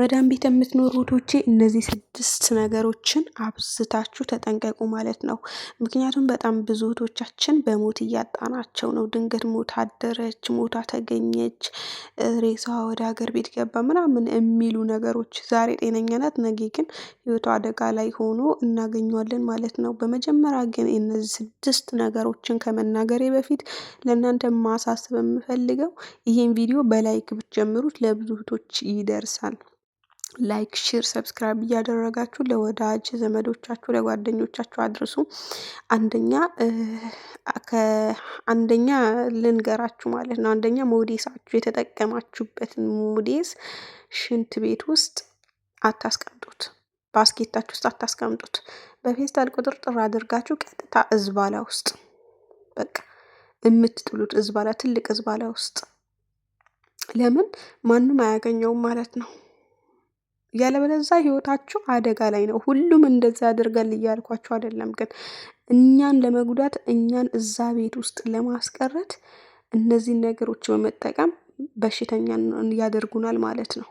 መዳም ቤት የምትኖሩ እህቶቼ እነዚህ ስድስት ነገሮችን አብዝታችሁ ተጠንቀቁ ማለት ነው። ምክንያቱም በጣም ብዙ እህቶቻችን በሞት እያጣናቸው ነው። ድንገት ሞት አደረች፣ ሞታ ተገኘች፣ ሬሳ ወደ ሀገር ቤት ገባ ምናምን የሚሉ ነገሮች ዛሬ ጤነኛ ናት፣ ነገ ግን ህይወቷ አደጋ ላይ ሆኖ እናገኘዋለን ማለት ነው። በመጀመሪያ ግን እነዚህ ስድስት ነገሮችን ከመናገሬ በፊት ለእናንተ ማሳሰብ የምፈልገው ይህን ቪዲዮ በላይክ ብትጀምሩት ለብዙ እህቶች ይደርሳል። ላይክ ሼር ሰብስክራይብ እያደረጋችሁ ለወዳጅ ዘመዶቻችሁ ለጓደኞቻችሁ አድርሱ። አንደኛ አንደኛ ልንገራችሁ ማለት ነው። አንደኛ ሞዴሳችሁ የተጠቀማችሁበትን ሞዴስ ሽንት ቤት ውስጥ አታስቀምጡት፣ ባስኬታችሁ ውስጥ አታስቀምጡት። በፌስታል ቁጥርጥር አድርጋችሁ ቀጥታ እዝባላ ውስጥ በቃ የምትጥሉት እዝባላ፣ ትልቅ እዝባላ ውስጥ ለምን ማንም አያገኘውም ማለት ነው። ያለበለዛ ህይወታችሁ አደጋ ላይ ነው። ሁሉም እንደዛ ያደርጋል እያልኳችሁ አይደለም፣ ግን እኛን ለመጉዳት እኛን እዛ ቤት ውስጥ ለማስቀረት እነዚህን ነገሮች በመጠቀም በሽተኛ ያደርጉናል ማለት ነው።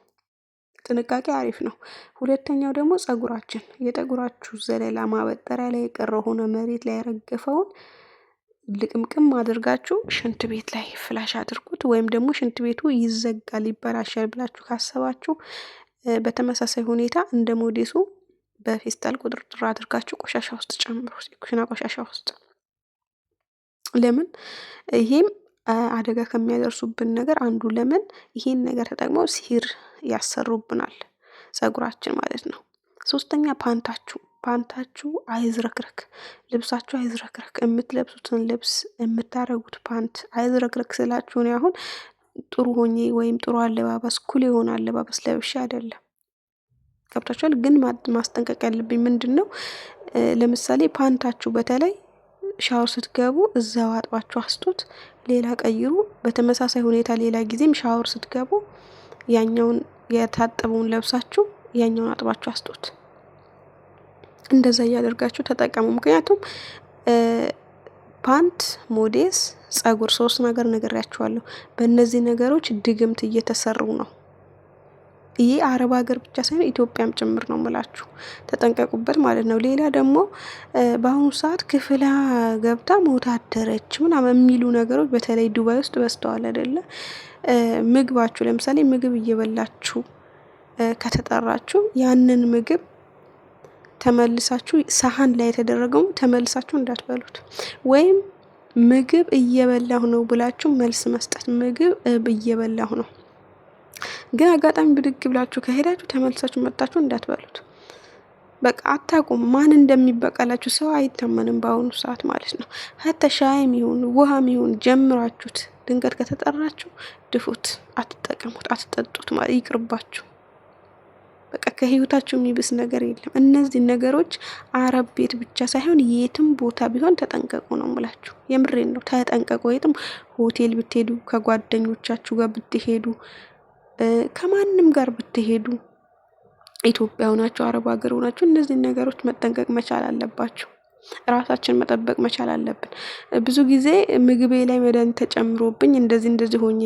ጥንቃቄ አሪፍ ነው። ሁለተኛው ደግሞ ጸጉራችን፣ የጠጉራችሁ ዘለላ ማበጠሪያ ላይ የቀረ ሆነ መሬት ላይ ያረገፈውን ልቅምቅም አድርጋችሁ ሽንት ቤት ላይ ፍላሽ አድርጉት። ወይም ደግሞ ሽንት ቤቱ ይዘጋል ይበላሻል ብላችሁ ካሰባችሁ በተመሳሳይ ሁኔታ እንደ ሞዴሱ በፌስታል ቁጥርጥር አድርጋችሁ ቆሻሻ ውስጥ ጨምሩ፣ ኩሽና ቆሻሻ ውስጥ። ለምን ይሄም አደጋ ከሚያደርሱብን ነገር አንዱ ለምን ይሄን ነገር ተጠቅመው ሲሂር ያሰሩብናል፣ ጸጉራችን ማለት ነው። ሶስተኛ ፓንታችሁ ፓንታችሁ አይዝረክረክ፣ ልብሳችሁ አይዝረክረክ። የምትለብሱትን ልብስ የምታደርጉት ፓንት አይዝረክረክ ስላችሁ ነው አሁን ጥሩ ሆኜ ወይም ጥሩ አለባበስ ኩል የሆነ አለባበስ ለብሼ አይደለም። ገብታችኋል። ግን ማስጠንቀቅ ያለብኝ ምንድን ነው? ለምሳሌ ፓንታችሁ በተለይ ሻወር ስትገቡ እዛው አጥባችሁ አስጡት፣ ሌላ ቀይሩ። በተመሳሳይ ሁኔታ ሌላ ጊዜም ሻወር ስትገቡ ያኛውን የታጠበውን ለብሳችሁ ያኛውን አጥባችሁ አስጡት። እንደዛ እያደርጋችሁ ተጠቀሙ። ምክንያቱም ፓንት፣ ሞዴስ፣ ጸጉር ሶስት ነገር ነግሬያችኋለሁ። በእነዚህ ነገሮች ድግምት እየተሰሩ ነው። ይሄ አረብ ሀገር ብቻ ሳይሆን ኢትዮጵያም ጭምር ነው ምላችሁ፣ ተጠንቀቁበት ማለት ነው። ሌላ ደግሞ በአሁኑ ሰዓት ክፍላ ገብታ መወታደረች ምናምን የሚሉ ነገሮች በተለይ ዱባይ ውስጥ በስተዋል አይደለ? ምግባችሁ ለምሳሌ ምግብ እየበላችሁ ከተጠራችሁ ያንን ምግብ ተመልሳችሁ ሰሃን ላይ የተደረገውን ተመልሳችሁ እንዳትበሉት ወይም ምግብ እየበላሁ ነው ብላችሁ መልስ መስጠት። ምግብ እየበላሁ ነው ግን አጋጣሚ ብድግ ብላችሁ ከሄዳችሁ ተመልሳችሁ መጣችሁ እንዳትበሉት። በቃ አታቁም ማን እንደሚበቀላችሁ ሰው አይታመንም። በአሁኑ ሰዓት ማለት ነው። ሀታ ሻይም ይሁን ውሃም ይሁን ጀምራችሁት ድንገት ከተጠራችሁ ድፉት፣ አትጠቀሙት፣ አትጠጡት፣ ይቅርባችሁ። በቃ ከህይወታቸው የሚብስ ነገር የለም። እነዚህ ነገሮች አረብ ቤት ብቻ ሳይሆን የትም ቦታ ቢሆን ተጠንቀቁ ነው ምላችሁ። የምሬን ነው፣ ተጠንቀቁ። የትም ሆቴል ብትሄዱ፣ ከጓደኞቻችሁ ጋር ብትሄዱ፣ ከማንም ጋር ብትሄዱ፣ ኢትዮጵያ ሆናችሁ አረብ ሀገር ሆናችሁ እነዚህ ነገሮች መጠንቀቅ መቻል አለባችሁ። ራሳችን መጠበቅ መቻል አለብን። ብዙ ጊዜ ምግቤ ላይ መድኃኒት ተጨምሮብኝ እንደዚህ እንደዚህ ሆኜ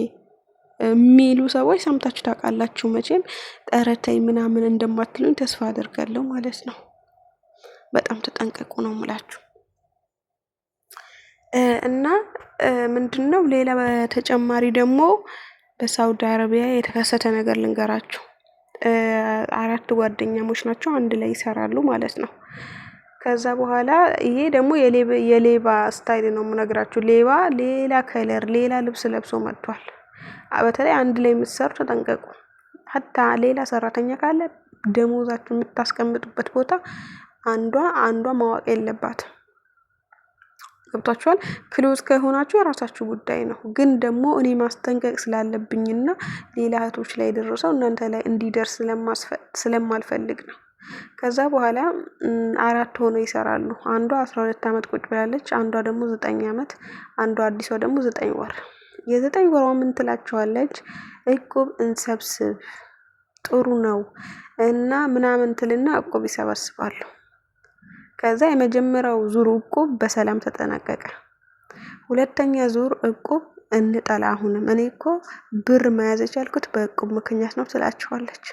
የሚሉ ሰዎች ሰምታችሁ ታውቃላችሁ። መቼም ጠረተኝ ምናምን እንደማትሉኝ ተስፋ አደርጋለሁ ማለት ነው። በጣም ተጠንቀቁ ነው ምላችሁ። እና ምንድን ነው ሌላ በተጨማሪ ደግሞ በሳውዲ አረቢያ የተከሰተ ነገር ልንገራችሁ። አራት ጓደኛሞች ናቸው፣ አንድ ላይ ይሰራሉ ማለት ነው። ከዛ በኋላ ይሄ ደግሞ የሌባ ስታይል ነው የምነግራችሁ። ሌባ ሌላ ከለር ሌላ ልብስ ለብሶ መጥቷል። በተለይ አንድ ላይ የምትሰሩ ተጠንቀቁ። ሀታ ሌላ ሰራተኛ ካለ ደሞዛችሁ የምታስቀምጡበት ቦታ አንዷ አንዷ ማወቅ የለባት። ገብቷችኋል? ክሎዝ ከሆናችሁ የራሳችሁ ጉዳይ ነው። ግን ደግሞ እኔ ማስጠንቀቅ ስላለብኝና ሌላ እህቶች ላይ ደረሰው እናንተ ላይ እንዲደርስ ስለማልፈልግ ነው። ከዛ በኋላ አራት ሆነው ይሰራሉ። አንዷ አስራ ሁለት ዓመት ቁጭ ብላለች። አንዷ ደግሞ ዘጠኝ ዓመት፣ አንዷ አዲሷ ደግሞ ዘጠኝ ወር የዘጠኝ ወሯ ምን ትላቸዋለች? እቁብ እንሰብስብ ጥሩ ነው እና ምናምን ትልና እቁብ ይሰበስባሉ። ከዛ የመጀመሪያው ዙር እቁብ በሰላም ተጠናቀቀ። ሁለተኛ ዙር እቁብ እንጠላ አሁንም እኔ እኮ ብር መያዝ የቻልኩት በእቁብ ምክንያት ነው ትላቸዋለች።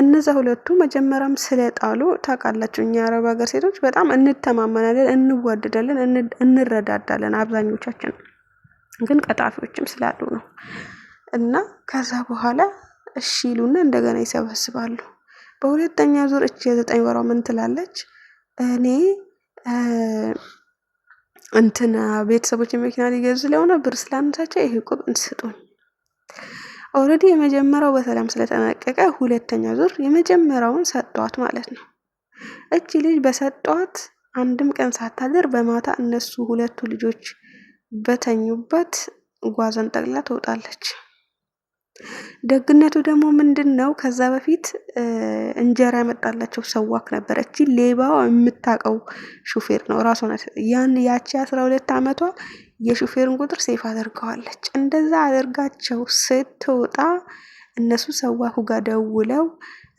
እነዛ ሁለቱ መጀመሪያም ስለጣሉ ታውቃላችሁ፣ እኛ አረብ ሀገር ሴቶች በጣም እንተማመናለን፣ እንዋደዳለን፣ እንረዳዳለን አብዛኞቻችን ግን ቀጣፊዎችም ስላሉ ነው። እና ከዛ በኋላ እሺ ይሉና እንደገና ይሰበስባሉ። በሁለተኛ ዙር እች የዘጠኝ ወሯ ምን ትላለች? እኔ እንትና ቤተሰቦች መኪና ሊገዙ ስለሆነ ብር ስላነሳቸው ይሄ ቁብ እንስጡን። ኦልሬዲ የመጀመሪያው በሰላም ስለተጠናቀቀ ሁለተኛ ዙር የመጀመሪያውን ሰጧት ማለት ነው። እቺ ልጅ በሰጧት አንድም ቀን ሳታድር በማታ እነሱ ሁለቱ ልጆች በተኙበት ጓዘን ጠቅላ ትወጣለች። ደግነቱ ደግሞ ምንድን ነው? ከዛ በፊት እንጀራ ያመጣላቸው ሰዋክ ነበረች። ሌባዋ የምታውቀው ሹፌር ነው ራሱ ናት። ያን ያቺ አስራ ሁለት ዓመቷ የሹፌርን ቁጥር ሴፍ አድርገዋለች። እንደዛ አድርጋቸው ስትወጣ እነሱ ሰዋኩ ጋር ደውለው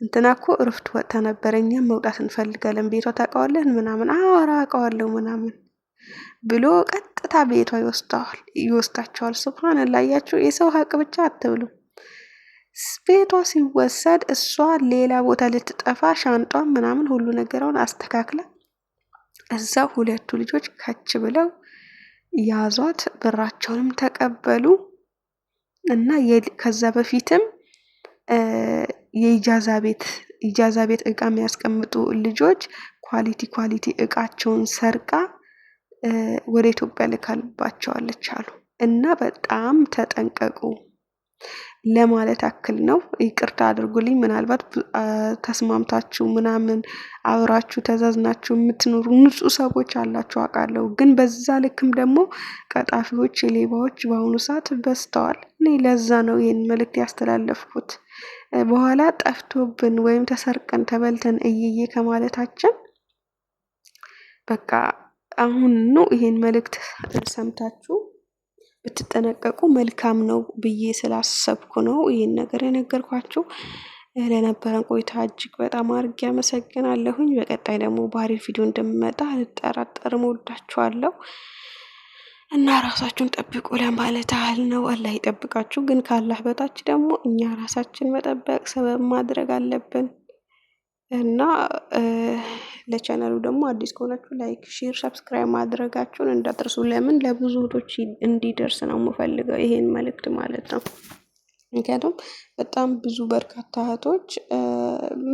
እንትና እኮ እረፍት ወጥታ ነበረ፣ እኛም መውጣት እንፈልጋለን፣ ቤቷ ታውቀዋለህ ምናምን፣ አዎ አውቀዋለሁ ምናምን ብሎ ቀጥታ ቤቷ ይወስደዋል ይወስዳቸዋል። ስብሃን ላያችሁ የሰው ሀቅ ብቻ አትብሉ። ቤቷ ሲወሰድ እሷ ሌላ ቦታ ልትጠፋ ሻንጧን ምናምን ሁሉ ነገራውን አስተካክላ እዛ ሁለቱ ልጆች ከች ብለው ያዟት፣ ብራቸውንም ተቀበሉ እና ከዛ በፊትም የኢጃዛ ቤት ኢጃዛ ቤት እቃ የሚያስቀምጡ ልጆች ኳሊቲ ኳሊቲ እቃቸውን ሰርቃ ወደ ኢትዮጵያ ልካልባቸዋለች አሉ እና በጣም ተጠንቀቁ ለማለት ያክል ነው። ይቅርታ አድርጉልኝ። ምናልባት ተስማምታችሁ ምናምን አብራችሁ ተዛዝናችሁ የምትኖሩ ንጹህ ሰዎች አላችሁ አውቃለሁ። ግን በዛ ልክም ደግሞ ቀጣፊዎች፣ ሌባዎች በአሁኑ ሰዓት በዝተዋል። እኔ ለዛ ነው ይህን መልእክት ያስተላለፍኩት። በኋላ ጠፍቶብን ወይም ተሰርቀን ተበልተን እይዬ ከማለታችን በቃ አሁኑ ይሄን መልእክት ሰምታችሁ ብትጠነቀቁ መልካም ነው ብዬ ስላሰብኩ ነው ይህን ነገር የነገርኳችሁ። ለነበረን ቆይታ እጅግ በጣም አድርጌ አመሰግናለሁኝ። በቀጣይ ደግሞ ባህሪ ቪዲዮ እንደምመጣ አልጠራጠርም። ወዳችኋለሁ እና ራሳችሁን ጠብቁ ለማለት ያህል ነው። አላህ ይጠብቃችሁ። ግን ካላህ በታች ደግሞ እኛ ራሳችን መጠበቅ ሰበብ ማድረግ አለብን። እና ለቻናሉ ደግሞ አዲስ ከሆናችሁ ላይክ፣ ሼር፣ ሰብስክራይብ ማድረጋችሁን እንዳትርሱ። ለምን ለብዙ እህቶች እንዲደርስ ነው የምፈልገው ይሄን መልእክት ማለት ነው። ምክንያቱም በጣም ብዙ በርካታ እህቶች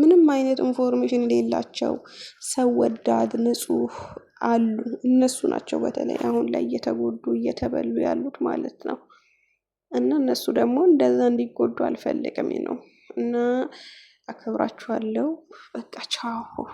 ምንም አይነት ኢንፎርሜሽን የሌላቸው ሰው ወዳድ ንጹህ አሉ። እነሱ ናቸው በተለይ አሁን ላይ እየተጎዱ እየተበሉ ያሉት ማለት ነው። እና እነሱ ደግሞ እንደዛ እንዲጎዱ አልፈልግም ነው እና አከብራችኋለሁ። በቃ ቻው።